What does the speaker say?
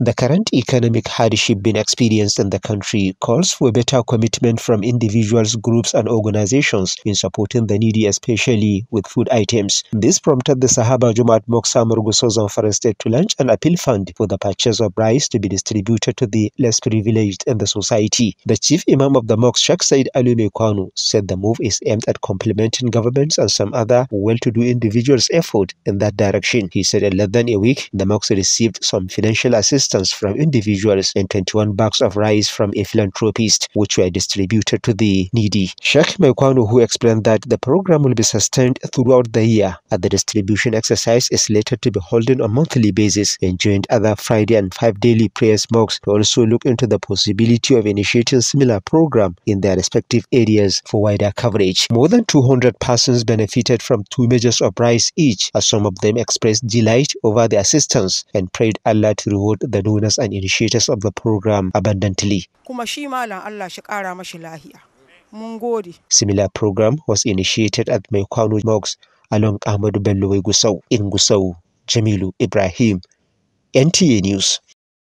The current economic hardship being experienced in the country calls for better commitment from individuals, groups, and organizations in supporting the needy, especially with food items. This prompted the Sahaba Jumat Moksa Murgusozan Estate to launch an appeal fund for the purchase of rice to be distributed to the less privileged in the society. The chief imam of the mosque, Sheikh Said Alume Kwanu, said the move is aimed at complementing governments and some other well to do individuals' effort in that direction. He said in less than a week, the mosque received some financial assistance assistance from individuals and 21 bags of rice from a philanthropist, which were distributed to the needy. Sheikh Mekwano, who explained that the program will be sustained throughout the year, and the distribution exercise is later to be held on a monthly basis, and joined other Friday and five daily prayers. mosques to also look into the possibility of initiating similar program in their respective areas for wider coverage. More than 200 persons benefited from two measures of rice each, as some of them expressed delight over the assistance and prayed Allah to reward the the donors and initiators of the program abundantly. Kuma shi malam Allah shi ƙara mashi lahiya. Mun gode. Similar program was initiated at Maikwano Mosque along Ahmadu Bello Gusau in Gusau. Jamilu Ibrahim, NTA News.